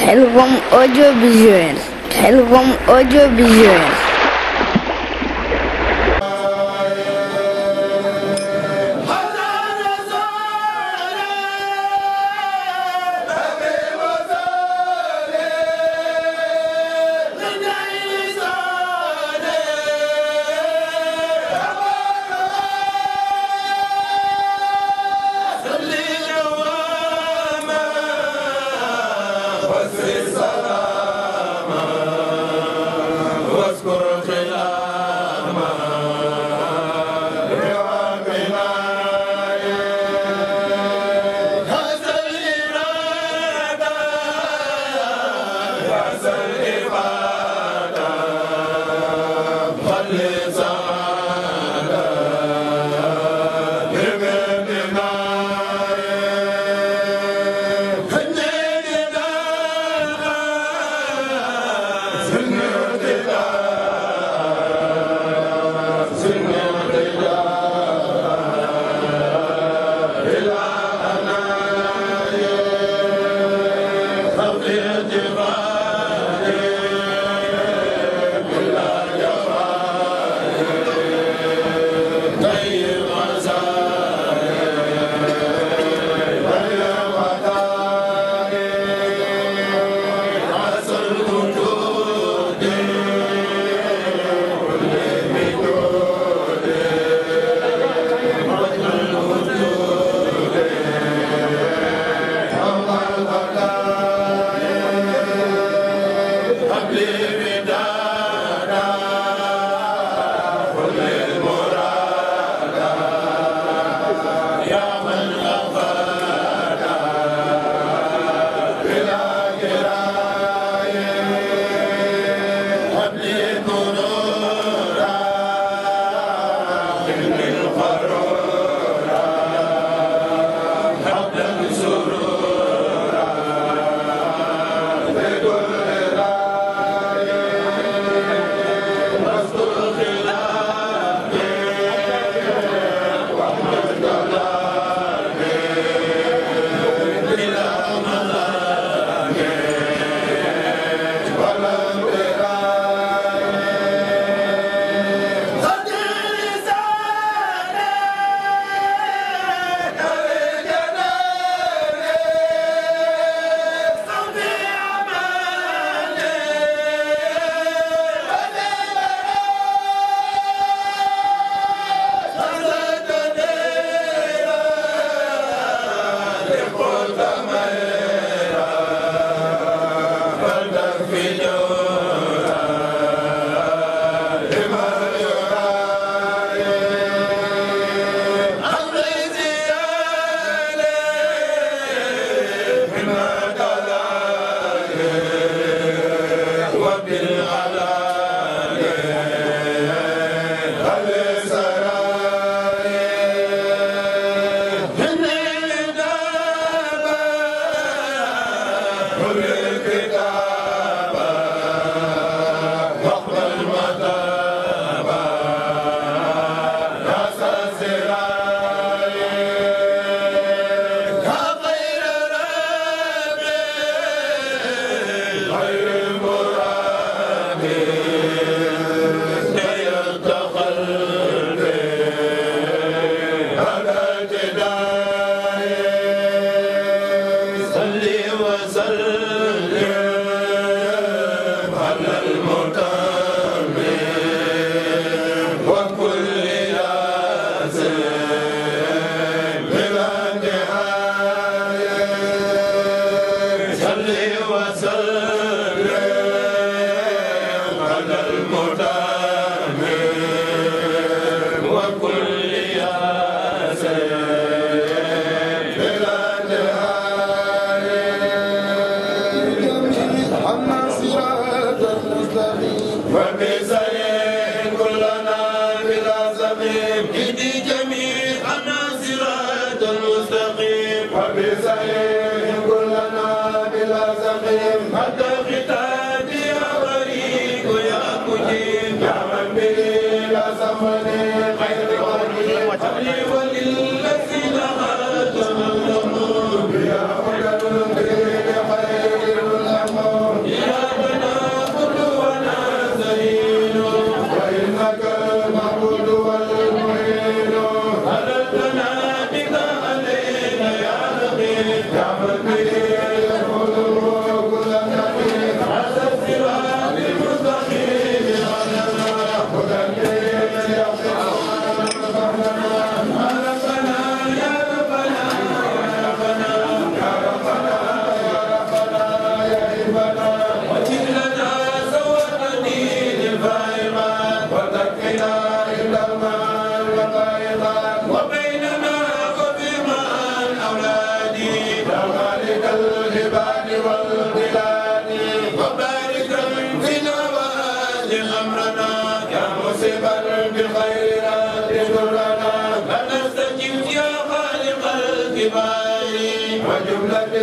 Telefon audio visual. Telefon audio visual.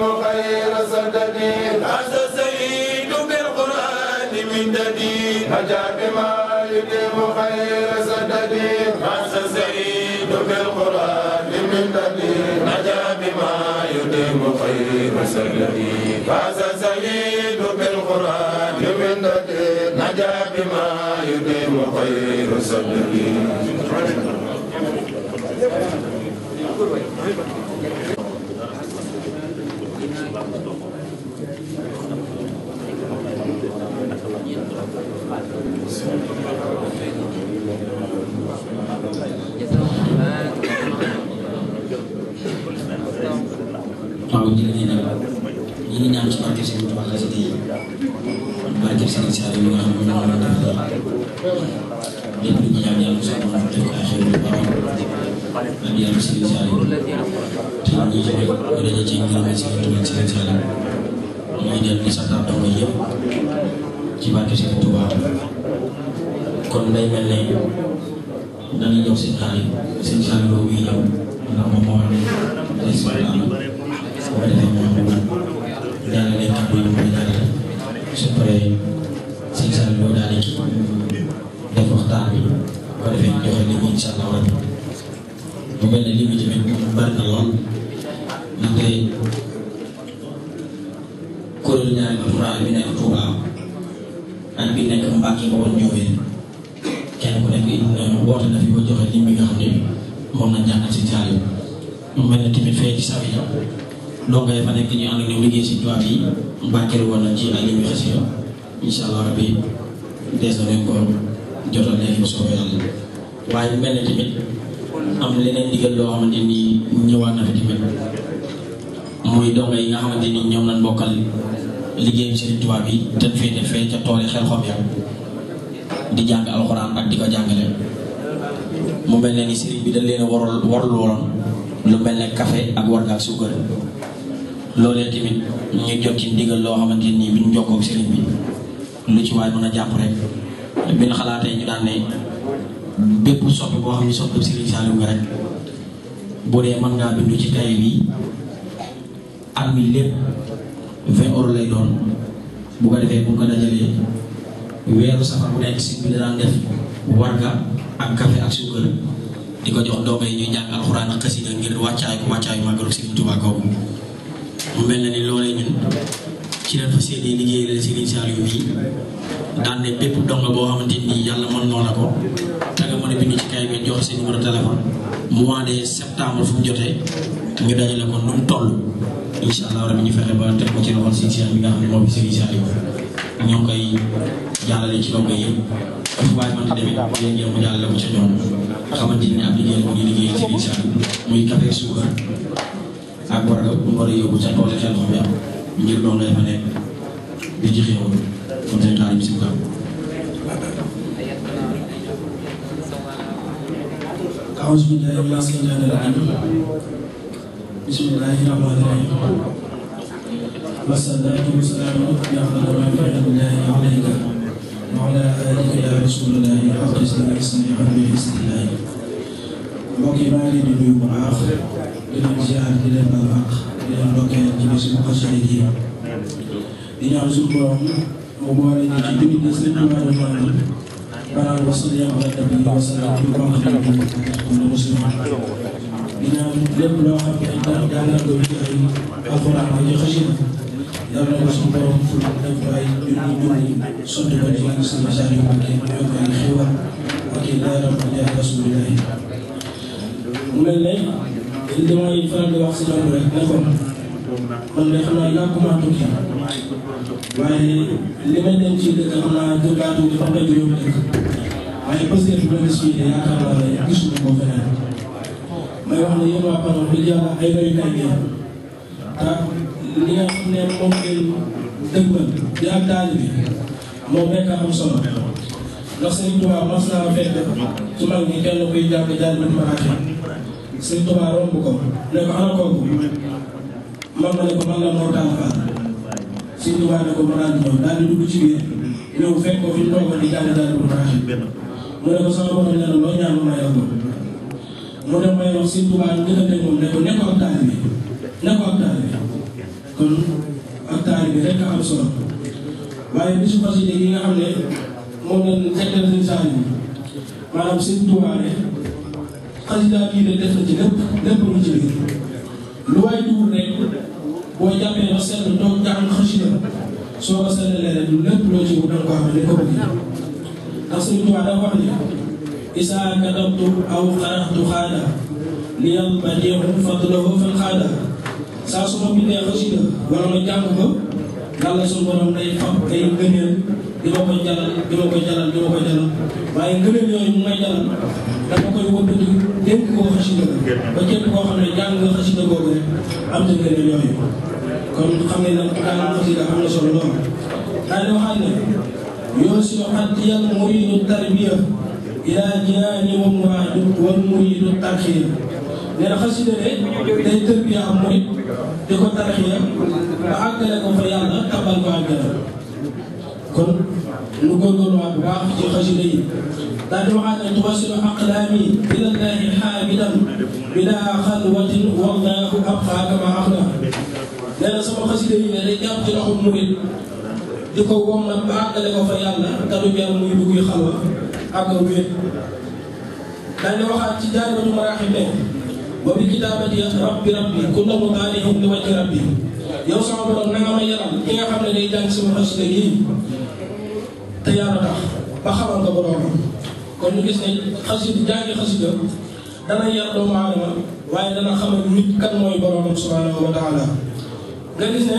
الكريم خير سددي أنت سيد بالقرآن من ددي هجا بما يديم خير سددي أنت سيد بالقرآن من ددي هجا بما يديم خير سددي فاز سيد بالقرآن من ددي نجا بما يديم خير سددي Thank you. waaw ñu ngi ne ñu ngi ñaan ci barke seen Tuubaa la fi yi barke seen saa yi nga xam ne moom la ñu lépp lu ñu ñaan yàlla sax moom def ay xew yu baax hadi ya Msiri Salim te ñi fi nekk ñu daje ci ngërëm si Tuubaa Sëriñ Salim ñuy del di santaat dong yëpp ci barke Sëriñ Tuubaa kon day mel ne dañuy ñëw seen xarit seen xarit boobu ñuy ñëw ndax moom moo ne day santaat bu ko defee moom daal ne kàddu yi mu daal su paree seen xarit boobu daal di def waxtaan bi bu ko defee joxe nit ñi incha allah mu mel ne li mu jëmee bari na lool ñu koy kuréel ñaari alxuraan bi nekk Touba ak bi nekk kenn ku nekk woote na fi ba joxe lim nga xam ne moom na jàng ci mu mel ne tamit fee ci Sawiya donc fa nekk ñu ànd ak ñoom liggéey si tubaab na ci ay lim yu xas allah rabbi des na leen ko jotal leen bu soobee waaye mel ne tamit. am leneen digal loo xamante ni ñëwaat na fi tamit muy dongo yi nga xamante ni ñoom lañ bokkal liggéeyam Sëriñ Tuubaa bi te féete fee ca tool xel xom ya di jàng alxuraan ak di ko jàngale mu mel ne bi dañ leen warul warul woon lu mel ne café ak warga ak suukar loolee tamit ñu jot ci ndigal loo xamante ni bi ñu jokkoo ak sëriñ bi lu ci waay mën a jàpp rek bi ñu xalaatee ñu daan ne bépp soppe boo xam ne soppe Serigne Saliou nga rek bu dee mën ngaa bindu ci kay bi at mi lépp vingt lay doon bu ko defee bu ko dajalee weeru safar bu nekk si bi daan def warga ak café ak suukar di ko jox doome yi ñuy jàng alxuraan ak xasida ngir wàccaay ko wàccaayu màggalu Serigne Touba kooku mu na ni loolee ñun ci leen fas yéenee liggéeyal Serigne Saliou bi daan ne bépp donga boo xamante ni yàlla mën noo la ko te nga mën a bindu ci kay nga jox seen numéro téléphone mois de septembre fu mu jotee ñu dajale ko nu mu toll incha allah rabi ñu fexe ba teg ko ci loxol Serigne Saliou bi nga xam moom bi Serigne Saliou ci donga yi fu waaye mënta suukar ak borom bu mu war a yóbbu ca tool yi xel xom ngir doon lay fa nekk di ci xéewal kon seen taal si kaw أعوذ بالله من الشيطان الرجيم بسم الله الرحمن الرحيم والصلاة والسلام على رسول الله عليك وعلى آلك يا رسول الله حق إسلام إسلام به إسلام mbokk yi maa ngi leen di nuyu bu baax di leen ziar di leen baal baax leen ndokkeel ci bisu xasida yi di ñaan suñu borom mu boole ñu ci jullit yi sëñ Tuubaa doon ñaanal balaa wasal yàlla dabi wasal ak yu baax la ñu muslim di ñaan lépp loo xam ne ay daan gàllankoor ci ay alxuraan ak ci xasida yàlla na ko suñu borom ful def ko ay junni junni sotti ko ci sëñ Saliou Mbacké yokk ay xéwal ak i daaram ak rasulillah mu mel ne li dama yi faral di wax si doom rek ne ko kon de xam naa yàgg maa tukki waaye li may dem ci dëkk xam naa jëndaa tuuti fan la juróom dëkk waaye parce que bu ma gis fii de yaakaar naa ne gisuma ko feneen may wax ne yéen waa Panor di jàll ay royukaay ngeen te li nga xam ne moom ngeen dëgmal di ak daal bi moom rek a am solo ndax Sëriñ Tuubaa mas naa fekk su mag ñi kenn kuy jàng jàng ma sëñ Tuubaa romb ko ne ko ana kooku man ma ne ko man la moo tànn faal sëñ Tuubaa ne ko ma daal di ñëw daal di dugg ci biir ñëw fekk ko fi ñu toogoon di jàng daal di ko mu ne ko sama borom nee na loo ñaan ma mayal ko mu ne may wax sëñ Tuubaa njëkkante moom ne ko ne ko ab taali bi ne ko ab taali bi kon ab taali bi rek am solo waaye bisu xasida yi nga xam ne moom lañ jagleel sëñ Saaliw maanaam sëñ Tuubaa ne xasida bii de def na ci lépp lépp lu ci biir lu waay duur rek boo jàppee ba seetlu toog nga am xasida soo ko seetlee rek lépp loo ci wut da nga ko xam ne ko bëgg ndax suñu tubaab dafa wax ni isa katabtu aw xaraxtu xaada li yam ba jeexu fadlahu fal xaada saa su ma bindee xasida wala ma jàng ko yàlla suñu borom day fam day gëneel di ma koy jaral di ma koy jaral di ma koy jaral waaye ngëneel yooyu mu may jaral dama koy wëndatu dénk ko xasida ba képp koo xam ne jàng nga am na ngëneel yooyu kon xam ne nag daanaka xasida am na solo lool. daanaka waxaat ne yoo si waxaat yan muridu tarbiya ilaa jinaani wa tarxiya nee na xasida de di ko tarxiya ba àggale ko fa yàlla tabal ko àggale kon nu góorgóorluwaat bu baax ci xasida waxaat ne tuwasilu aqlaami ilallahi xaabidan bilaa xalwatin wallaahu abqaa kama axla nee na sama xasida yi ne day jàpp ci di ko wom na ba àggale ko fa yàlla te du jar muy dugg wa bi kitaabati rabbi rabbi kullahu taarihum li wajhi rabbi yow sama borom na nga ma yaram ki nga xam ne day jàng sama xasida yi te yàlla tax ba xamal ko borom kon ñu gis ne xasida jàngi xasida dana yar doomu aadama waaye dana xamal nit kan mooy boromam subhanahu wa taala nga gis ne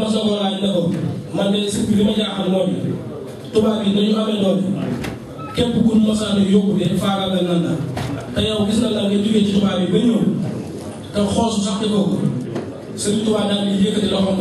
ma soog man de sëñ bi li ma jaaxal mooy tubaab yi dañu amee doole képp ku ñu mosaan yóbbu de faagaagal nan la te yow gis na la nga jógee ci tubaab yi ba ñëw te xoosu sax di ko Sëriñ Tuubaa daal di yëkkati de a ñaw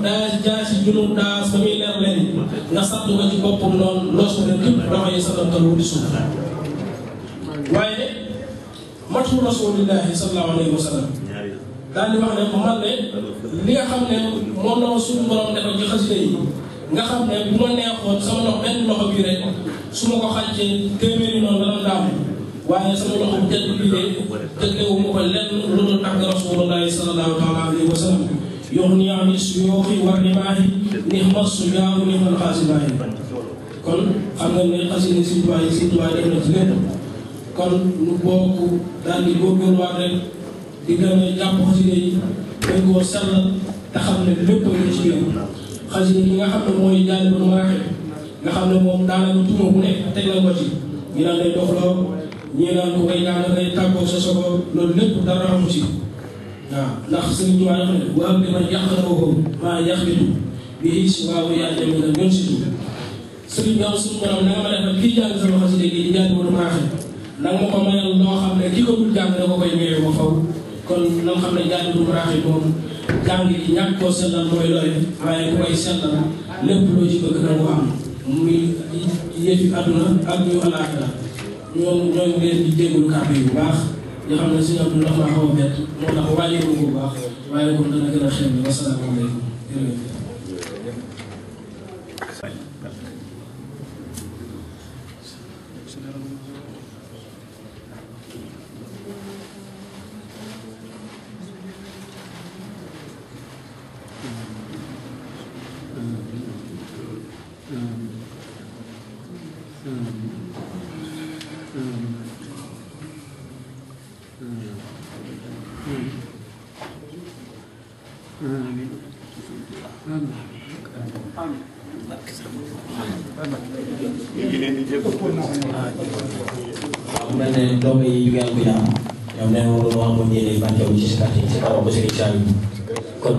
daa jaa si junub matu rasulillahi sallallahu alayhi wa sallam daal di wax ne man de li nga xam ne moom la ma suñu borom defal ci xasida yi nga xam ne bu ma neexoon sama loxo benn loxo bi rek su ma ko xàccee téeméeri noonu dana daam waaye sama loxo bu tedd bi de tëddewu ma ko lenn lu dul tàgg rasulullahi sallallahu taala alayhi wa sallam يغني عن السيوف والرماح نعم الصيام نعم القاسماء kon xam nga ne xasida si tubaay si tubaay def na ci lépp kon nu bokk daal di góorgóorluwaat rek di gën a jàpp xasida yi dañ koo sellal te xam ne lépp ñu ci yow xasida yi nga xam ne mooy jaale ba ma raxe nga xam ne moom daanaka tuuma bu nekk teg na ko ci ñu naan day dox loo ñu naan ku koy ñaan day tàggoo sa sogo loolu lépp dara amu ci waaw ndax sëñ Tuubaa wax ne waaw bi ma yàq na ko maa yàq bitu bii si waaw yaa jëm na ñoom si tuub sëñ bi suñu borom na nga ma defal kii jàng sama xasida gi di jaale ba ma raxe nag ma ko mayal loo xam ne ki ko dul jàng da ko koy mayee ba faw kon na nga xam ne jàng du raaxi moom jàng gi ñàkk koo sellal mooy looy waaye ku koy sellal lépp loo ci bëgg na ko am muy yëfi àdduna ak ñu alaaxira ñoom ñoo ngi leen di déglu kàddu yu baax nga xam ne suñu Abdou dafa xaw a bett moo tax wàññeeku ko bu baax waaye kon dana gën a xew wasalaamaaleykum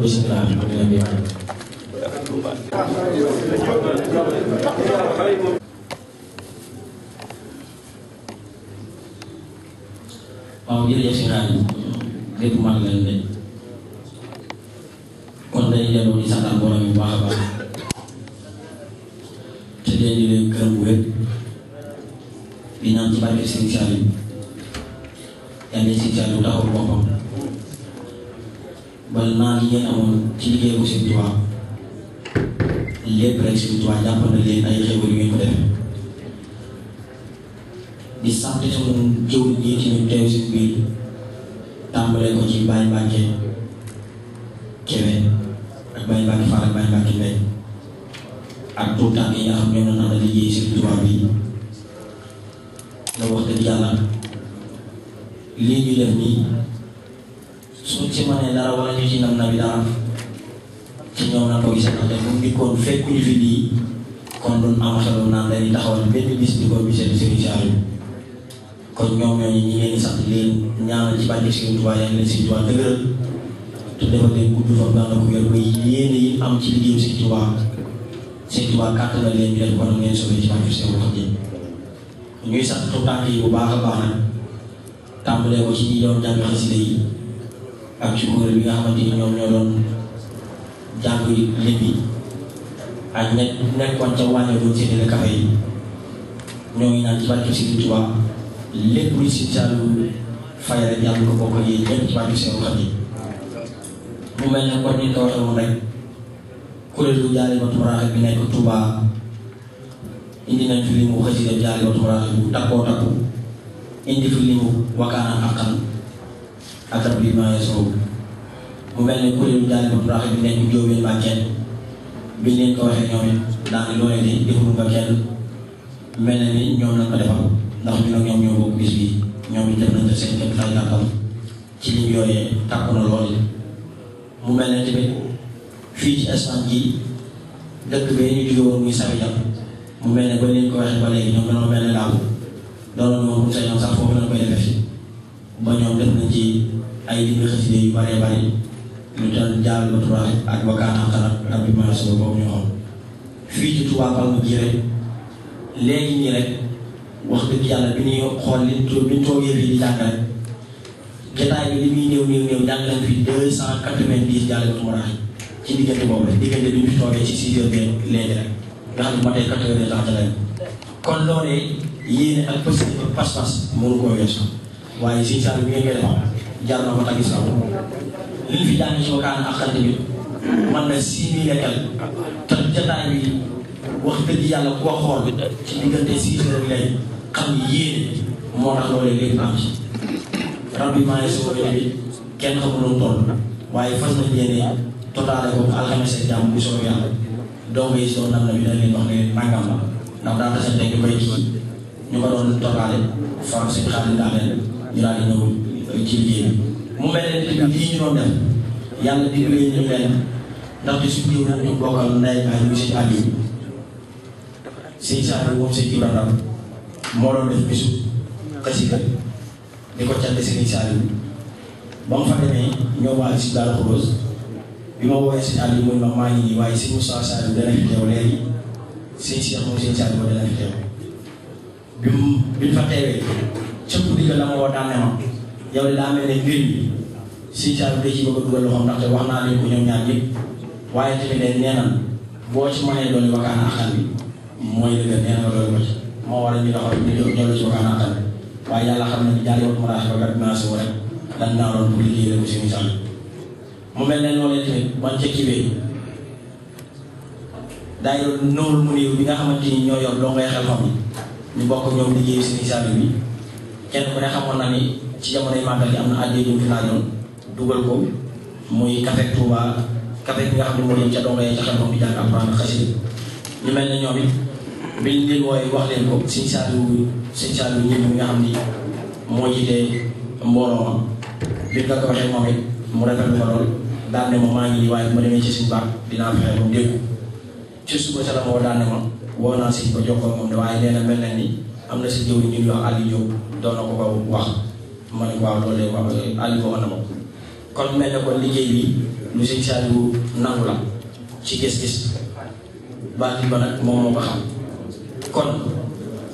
do Senado. Kébé ak Baye Mbacke Fall ak ak tout temps yi nga xam ñoo doon liggéey si tubaab bi la wax dëgg yàlla lii ñu def nii suñ ci mënee dara wala ñu ci nam na bi dara ci ñoom na ko gisee ndax te moom dikkoon fekkuñu fi lii kon duñ am xelum naan dañuy taxawal benn bis di ko gisee seen si àll kon ñoom ñooñu ñu ngi leen di sant leen ñaanal ci bàjj si Tuubaa yaa ngi leen si Tuubaa dëgëral te defal leen gudd fan daanaka bu yor ba yéene yi am ci liggéeyam Sëñ Tuubaa Sëñ Tuubaa kàttan na leen ñu def ko nag ngeen soobee ci wàllu seen waxtu yi ñuy sant tànk yi bu baax a baax nag tàmbalee ko ci ñi doon jàng xasida yi ak ci kuréel bi nga xamante ni ñoom ñoo doon jàng lépp yi ak ña nekkoon ca wàññi doon séddale kafe yi ñoo ngi ñaan ci barke Sëñ Tuubaa lépp luy si jàllu fayal yàlla ko bokk ak yéen ñëpp ci barke seen waxtu yi. mu mel ne kon ni ko waxee woon rek kuréelu Dialibatoul Marakhib bi nekk Touba indi nañ fi li mu xasida Dialibatoul Marakhib bu takkoo takku indi fi li mu wakaana xaqan adab li ma yasoo mu mel ne kuréelu Dialibatoul Marakhib bi nekk Ndiobène Bakel biñ leen ko waxee ñoom it daanaka loolee de defuñu ko kenn mel na ni ñoom lañ ko defal ndax ñun ak ñoom ñoo bokk bis bi ñoom it def nañ ko seen képp xayma ci liñ yooyee takku na lool. mu mel ne tamit fii ci Espagne gi dëkk bee ñu jóge woon muy mu mel ne ba leen ko waxee ba léegi ñoom dañoo mel ne laabu loolu moom ba ñoom def nañ ci ay dimbali xasida yu bëree bëri ñu doon jaal ba Tuubaa ak ba Gànnaar Kanam ak bi ma la suba boobu ñu xool fii ci Tuubaa Palma ji rek léegi nii rek wax dëgg yàlla bi ñuy xool jotaay bi li muy néew néew néew jàng nañ fi deux cent quatre-vingt-dix jàngatu maraay ci diggante boobu rek diggante bi ñu fi lañ kon loolee yéene ak pës ak pas man na six mille te jotaay bi wax dëgg yàlla koo xool ci diggante six heures léegi xam yéene moo tax loolee léegi baax rabbi maa yasuur bi kenn xamul lu mu toll waaye fas nañ yéene totaale ko alxames ak jàmm bu soobee yàlla doom yi soo nam na bi dañ leen wax ne nangam la ndax daa tase tey ñu koy kii ñu ko doon totaale faram si xaalis daal leen ñu daal di ñëw ci liggéey bi mu mel ne tamit ñu doon def yàlla di leen ñu leen ndax di suñu jiw ñu bokkal ndey ak ñu si àll yi sëñ Saar bi moom sëñ Ibrahima moo def bisu xasida di ko cante Serigne Saliou ba mu fa demee ñoo waa si Daaru Xudoos bi ma woowee si àll bi muy ma maa ngi nii waaye si Moussa Saliou dana fi teew léegi sëñ Cheikh moom sëñ Saliou dana fi teew bi mu bi mu fa teewee cëpp di ko la ma woo daan ne ma yow de daa mel ne mbir mi sëñ Saliou da ci bëgg a dugal loxoom ndaxte wax naa leen ko ñoom ñaar yëpp waaye tamit de nee na boo ci mënee doon wakkaan àqal bi mooy li nga nee na doon ko ci moo waral ñu doxal ñu ñoo la ci wakkaan àqal bi waaye yàlla xam di ni jaari wat marage ba rek dan naa doon pour liggéey rek si misaal mu mel ne loolee tamit ban ca kiwee daay doon noonu mu néew bi nga xamante ni ñoo yor doo ngay xel xam ñu bokk ñoom liggéey si misaal bi kenn ku ne xamoon na ni ci jamonoy màggal gi am na ñu fi ko muy café Touba café bi nga ngay xel di jàng alxuraan ñu ñoom biñ leen wooyee wax leen ko sëñ Saliou sëñ Saliou ñëpp mi nga xam ni moo jiite mbooloo bi nga ko waxee moom it mu rafetlu ko ngi ko am na si jëwriñ ñu ñuy wax doon na ko ko wax ma ne waaw wax Aliou ko wax na ko kon mel na kon liggéey bi lu sëñ Saliou nangu la ci gis-gis baax li ba nag moom moo ko xam kon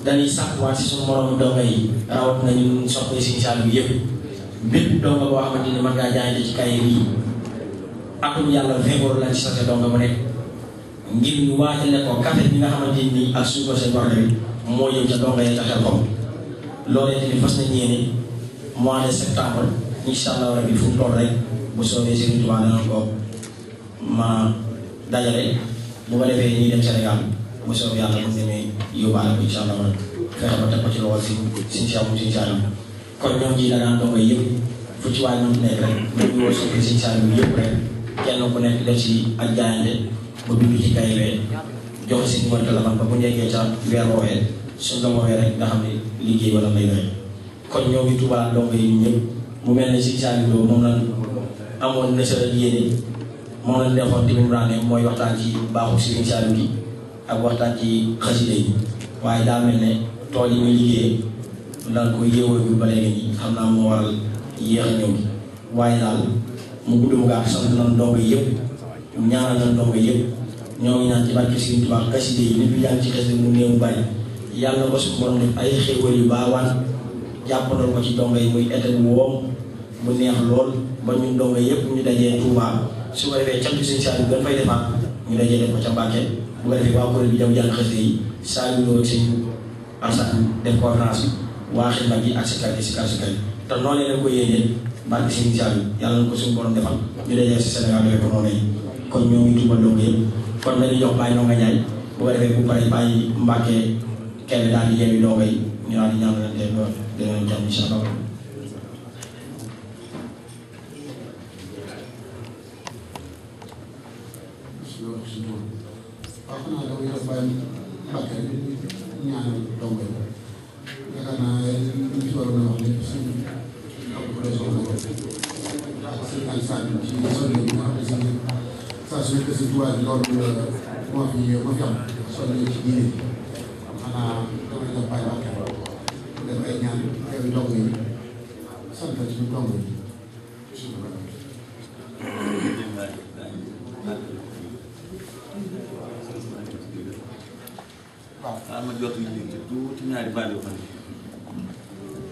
dañuy sàkkuwaat si suñu morom donga yi rawat nañu soppe siñ saalu yëpp bépp donga boo xamante ni mën di jaayante ci kayit yi akum yàlla vingoor lañ si sase donga bu nekk ngir ñu waajale ko café bi nga xamante ni ak suñ ko seen borne bi moo yëw ca donga yi taxel ko loolee ni fas nañ mois de septembre rabbi fu rek bu ko ma dajale bu ko defee ñuy dem Sénégal bu soobee yàlla bu ñu demee yóbbaale ko incha allah man fexe ba teg ko ci loxol si suñu si amul suñu kon ñoom ji danaan doog a yëpp fu ci waay ñoom nekk rek ñu ngi woo suñu suñu saalum yëpp rek kenn si ak jaayante ba dugg ci kay wee joxe ba bu nekkee ca weer woowee suñ la woowee rek nga xam ne liggéey wala mbay doy kon ñoo ngi tubaab ndongo yi ñëpp mu mel ne suñu moom lañ amoon na sa yéene moom lañ defoon tamit mu daan ne mooy waxtaan ci ak waxtaan ci xasida yi waaye daa mel ne tool yi muy liggéeyee daal ko yéewoo yu ba nii xam naa moo waral yéex a ñëw waaye daal mu gudd mu gaaw sant nañ ndongo yëpp ñaanal nañ ndongo ñoo ci barke Sëriñ Tuubaa xasida yi nit ñi jàng ci xasida mu néew bàyyi yàlla ko suñu borom ay xéwal yu baawaan jàppandal ko ci ndongo yi muy état woom bu neex lool ba ñu ndongo yëpp ñu dajee Tuubaa su ko defee ca bi suñu saal gën fay defaat ñu dajee def ko ca Mbàkke bu ko defee waa kuréel bi dem jàng xasida yi saa yu ñëw sëñ Alassane def conférence bi waa xidma ji ak sikar yi sikar sikar yi te noonu lañ ko yéenee barke sëñ Saliou yàlla na ko suñu borom defal ñu dee si Sénégal yooyu ko noonu yi kon ñoo ngi tuubal loolu yëpp kon dañuy jox bàyyi noo nga ñaay bu ko defee bu paree bàyyi mbàkkee kenn daal di yeewi noo ngay ñu daal di ñaanalante daal Mbàkke ñaanal dongo yi yaakaar naa li ci waroon a wax lépp suñu xam ko ak sëñ Aliou ci sonn bi nga xam ne saa suñu kër si tubaab bi loolu moo fi moo fi am sonn ci diine xanaa damay def bàyyi Mbàkke def ay ñaan teew dongo yi sant ci dongo yi ak bànneew fan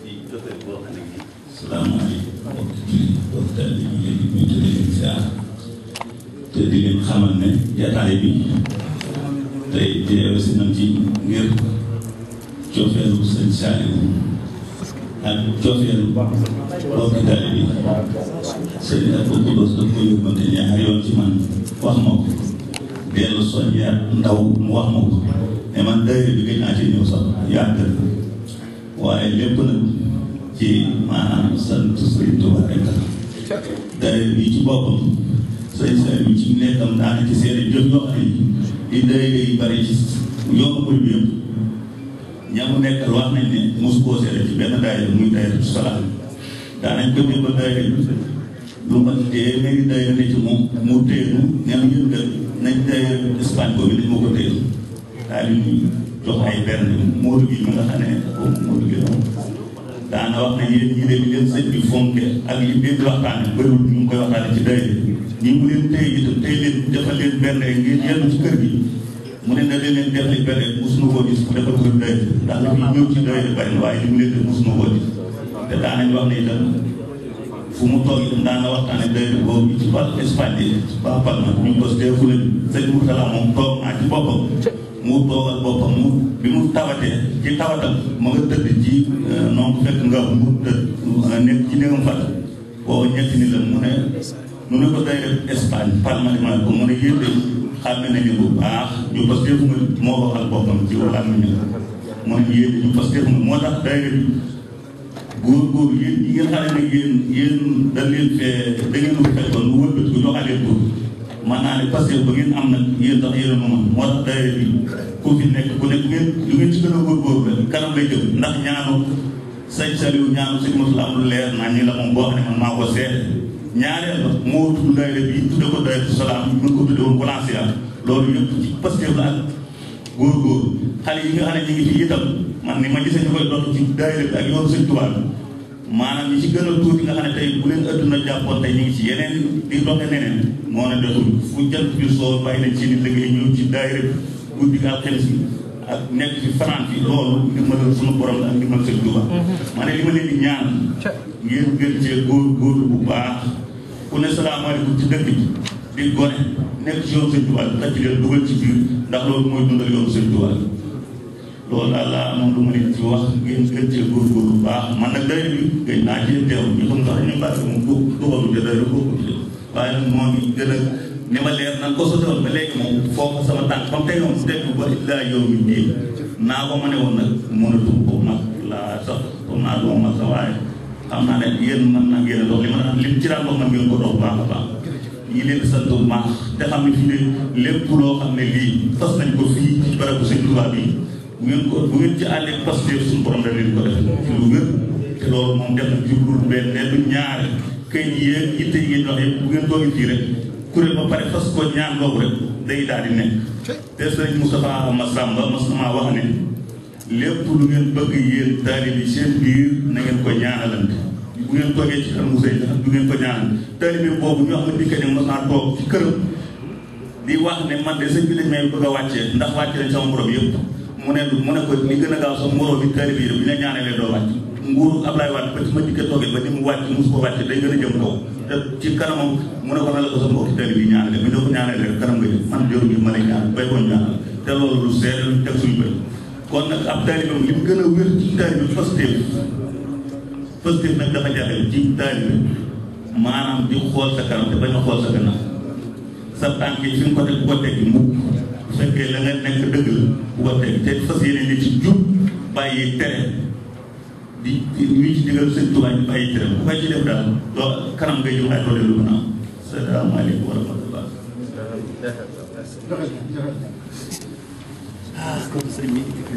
ci jotal boo xam ne nii. salaamaaleykum mbokk waxtaan bi ñu ngi leen di nuyu ziar te di leen xamal ne jataay bi tey teew si nañ ci ngir cofeelu sëñ Saliou ak cofeelu mbokki taalibe bi sëñ ak mbokki bës daf ko yóbbante ñaar yoon ci man wax ma ko dellu soññaat ndaw mu wax ma ko. ne man daayira bi gëj naa ci ñëw sax yàgg na waaye lépp nag ci maanaam sant Sëriñ Tuubaa rek la daayira bi ci boppam sëriñ sëriñ bi ci nekkam daana ci seeni jëf yoo xam ne li daayira yi bari ci yomb ko bi yëpp ña mu nekkal wax nañ ne mosu koo seere ci benn daayira muy daayira salaam daanañ ko ba daayira lu ma téeméeri daayira ne ci moom mu téye ñu ñam yëpp nañ daayira Espagne boobu dañ ma ko téye taalib ñu jox ay benn Modou gi mi nga xam ne boobu Modou gi moom daana wax ne yéen ñi de li leen sëñ bi fonke ak li ngeen di waxtaane bëriwul ñu ngi koy waxtaane ci day ñu ngi leen tey itam tey leen defal leen benn ngeen yenn ci kër gi mu ne na leen leen def li benn mosuñu koo gis defal ko day ndax li ñuy ñëw ci day bari na waaye li mu leen def mosuñu koo gis te daanañ wax ne itam fu mu toog itam daana waxtaane day boobu ci wàllu Espagne bi ci baax Palma ñu ngi ko si teefu leen sëñ Mourtala moom toog naa ci boppam mu toogal boppam mu bi mu tawatee ci tawatam ma nga tëdd ci euh, noonu fekk nga mu tëdd euh, nekk ci néegam fat boo ñetti ni la mu ne mu ne ko day def Espagne parlement ko mu ne yéen xam ne nañu bu baax ñu parce que mu moo waxal boppam ci wàllu ñu mu ne yéen ñu parce que moo tax day def góor góor yéen yi xam ne yéen yéen da leen fee da ngeen ko fekkoon mu wëlbati ko joxaleen góor man naa ne parce ba ngeen am nag yéen tax yéen a mën moo tax daayira bi fi nekk ku nekk ngeen lu ngeen ci gën a góorgóorlu la kanam lay jëm ndax ñaanu sëñ Saliou ñaanu sëñ Moussa am lu leer naa ñu la moom boo xam ne man maa ko seet ñaareel ba moo tudd daayira bi tudde ko daayira Salaam ñu ngi ko tudde woon Boulanger loolu yëpp ci Pastef la ak góorgóorlu xale yi nga xam ne ñu ngi fi itam man ni ma gisee ñu koy doon ci daayira ak yoonu sëñ Tuubaa maanaam ñi ci gën a tuuti nga xam ne tey bu leen adduna jàppoon tey ñu ngi ci yeneen di doxe neneen moo ne dëtul fu jant bi soo bàyyi nañ i liggéey ñëw ci daayira mhm. ne li ma leen di ñaan ngir gën cee góor góorlu bu baax ku ne salaamaaleykum ci dëkk bi di gone nekk ci yoon seen Tuuba tax ci dugal ci biir ndax loolu mooy dundal yoon seen Tuuba loolu daal laa amoon lu ma leen ci wax ngeen gën cee góorgóorlu bu baax man nag dayu bi gëj naa cee teew ñu xam sax ñu mbàgg mu góob góobalu jo dayu góobalu a ni ma leer nan ko sotoon ba léegi moom foofu sama ba laa yow mi naa ko ma ne woon nag mënatum ko nag laa sax comme naa doon ma sa waaye xam naa ne yéen mën naa yéen a li ma naan lim ci daan dox nag ngeen ko dox baax a baax ñi leen sant bu baax te xam ne fii ne lépp loo xam ne lii fas nañ ko fii ci barabu sëñ Tuubaa bi bu ngeen ko bu ngeen ci àllee pasteur suñu borom da leen ko def ci lu wér loolu moom def jublul benn du ñaar kay yéen itte yi ngeen wax bu ngeen toogee fii rek kuréel ba pare fas ko ñaan boobu rek day daal di nekk te sëriñ Moustapha Massamba mas na maa wax ne lépp lu ngeen bëgg yéen taalibe seen biir na ngeen ko ñaanalante bu ngeen toogee ci kanamu sëriñ sax du ngeen ko ñaanal taalibe boobu ñu xam ne dikka ne mas naa ci këram di wax ne man de sëñ bi dañ may ndax wàcce sama borom yëpp mu ne mu ne ko li gën a gaaw sa mbooloo bi tari biir bi la ñaanalee doo wàcc nguur Ablaye Wade ba ci ma dikka toogee ba ni mu wàcc mus ko wàcc day gën a jëm kaw te ci kanamam mu ne ko na la ko sa mbokki tari bi ñaanalee bu ñu ko ñaanalee kanam nga jëm man joru bi ma lay ñaan bay ko ñaanal te loolu lu seet lu teg suñu bëri kon nag ab taalibam mu gën a wér ci taalibi positif positif nag dafa jafe ci taalibi maanaam di xool sa kanam te bañ a xool sa gannaaw sa tànk yi ko teg ko teg mukk fekke la nga nek buat wote te fasiyene ni ci djub baye di ni ci digal seigne touba ni baye tere ko ci def dal do kanam ngay djum ay tole lu ah ko seigne ni ki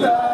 Yeah.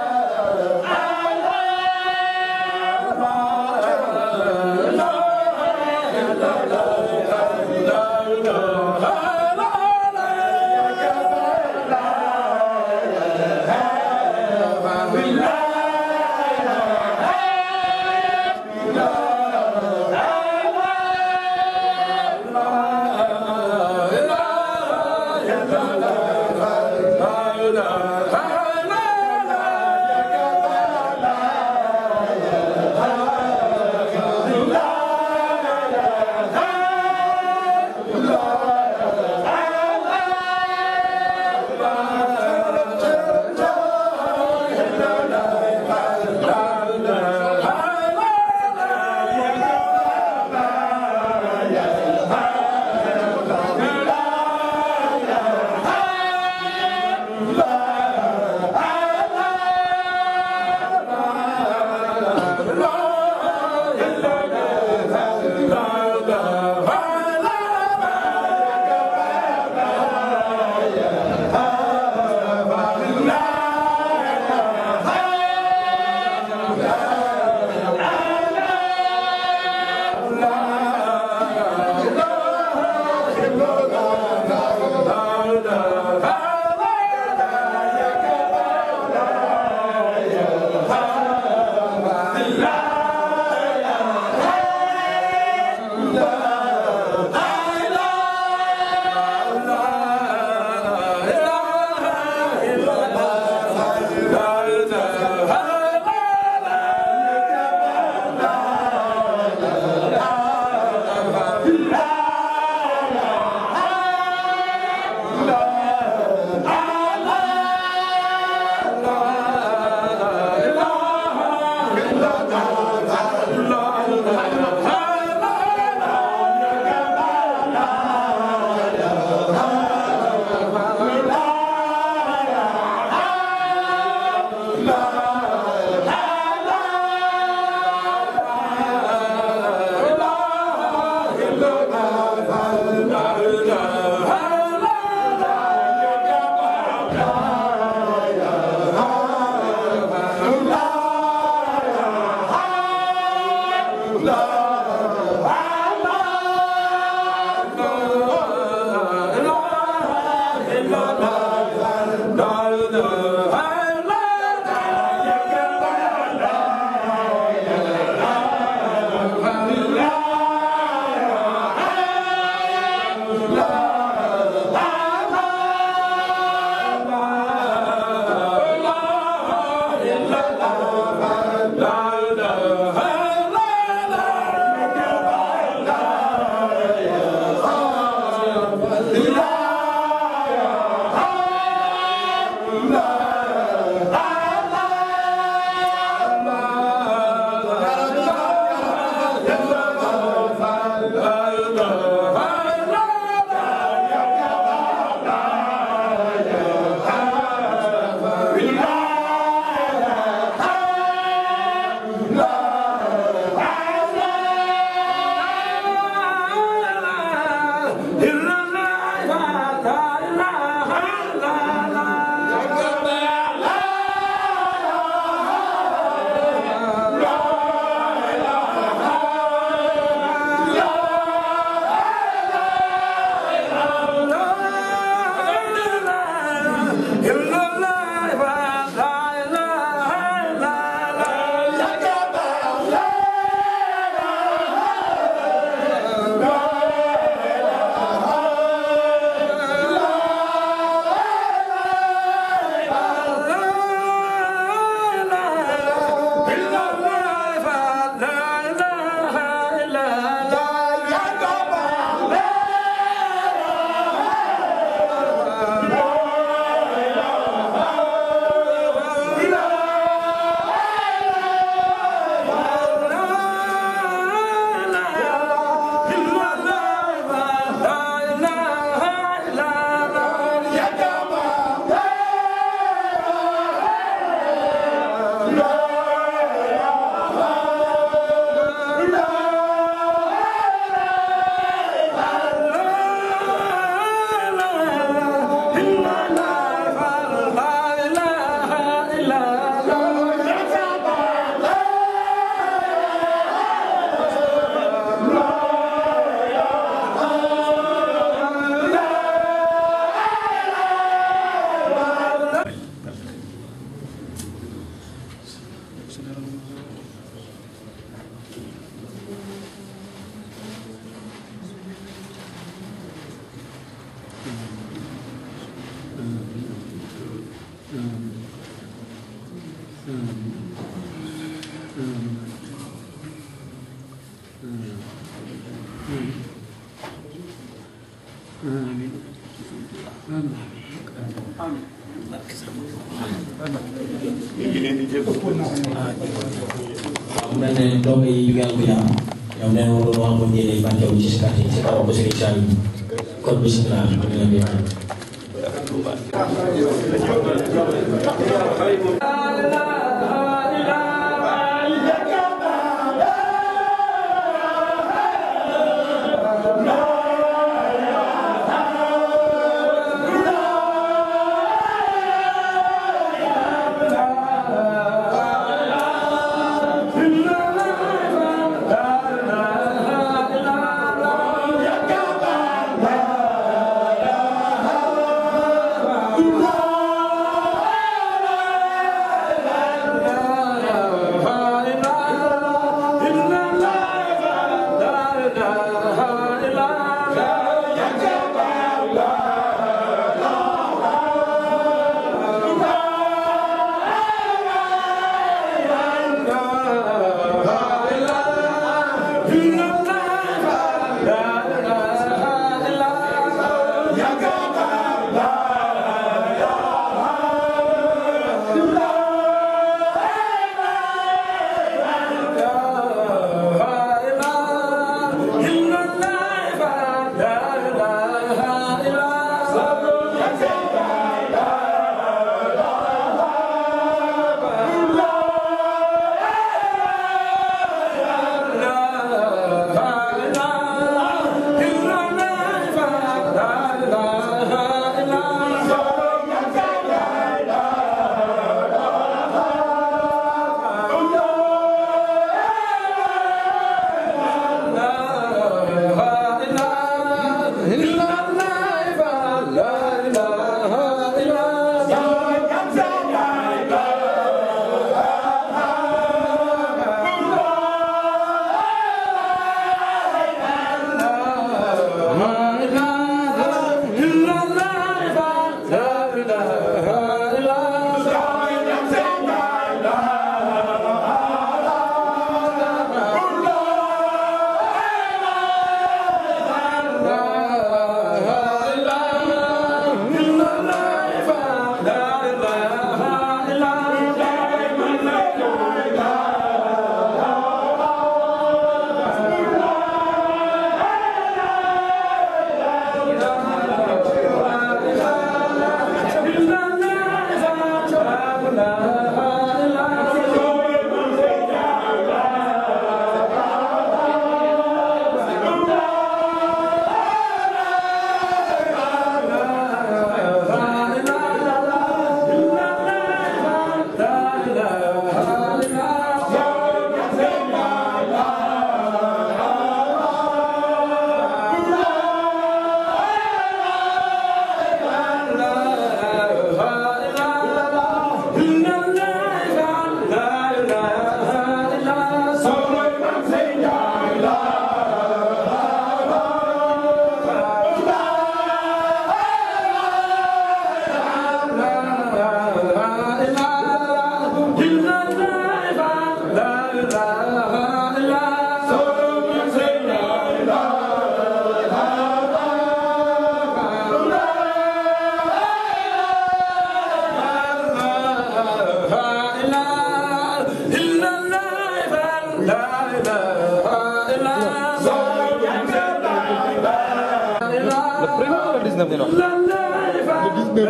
19 ne doon.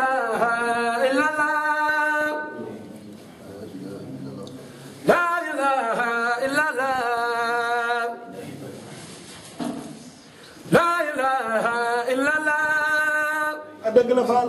إله إلا الله لا إله إلا الله لا إله إلا الله أدق لفال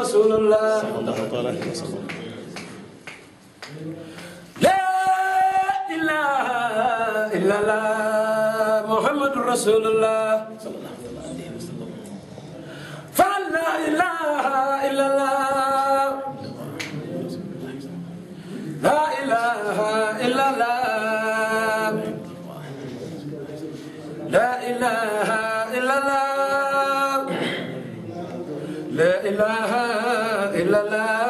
رسول الله لا إله إلا الله محمد رسول الله فلا إله إلا الله لا إله إلا الله لا إله إلا الله لا إله la la